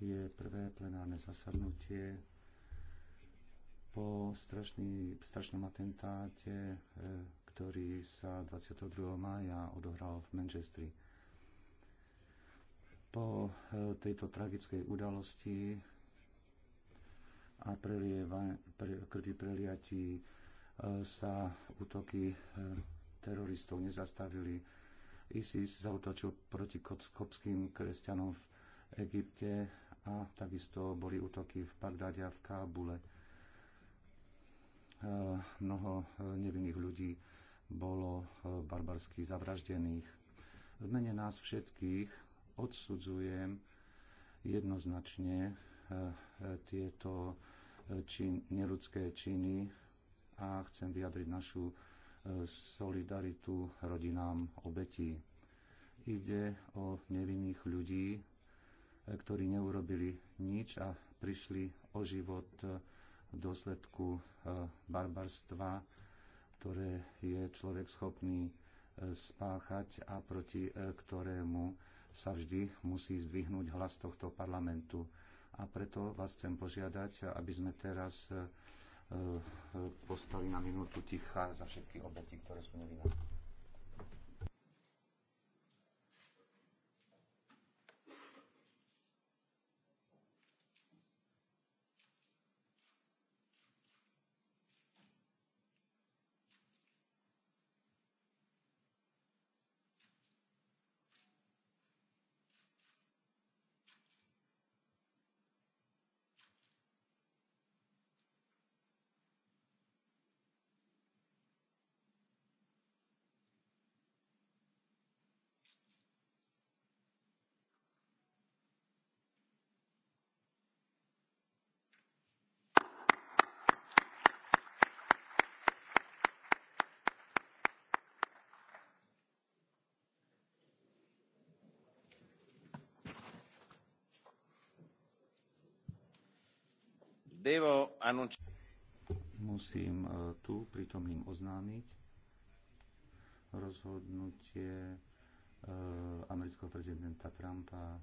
je prvé plenárne zasadnutie po strašný, strašnom atentáte, e, ktorý sa 22. mája odohral v Manchestri. Po e, tejto tragickej udalosti a prelieva, pre, krvi preliatí e, sa útoky teroristov nezastavili. ISIS zautočil proti kopským kresťanom v Egypte a takisto boli útoky v Bagdáde a v Kábule. Mnoho e, nevinných ľudí bolo e, barbarsky zavraždených. V mene nás všetkých odsudzujem jednoznačne e, tieto čin, neludské činy a chcem vyjadriť našu solidaritu rodinám obetí. Ide o nevinných ľudí, ktorí neurobili nič a prišli o život v dôsledku e, barbarstva, ktoré je človek schopný e, spáchať a proti e, ktorému sa vždy musí zdvihnúť hlas tohto parlamentu. A preto vás chcem požiadať, aby sme teraz postali na minútu ticha za všetky obety, ktoré sú nevinné. Devo musím e, tu prítomným oznámiť rozhodnutie e, amerického prezidenta Trumpa e,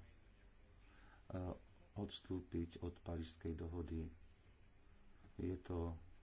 odstúpiť od Parížskej dohody. Je to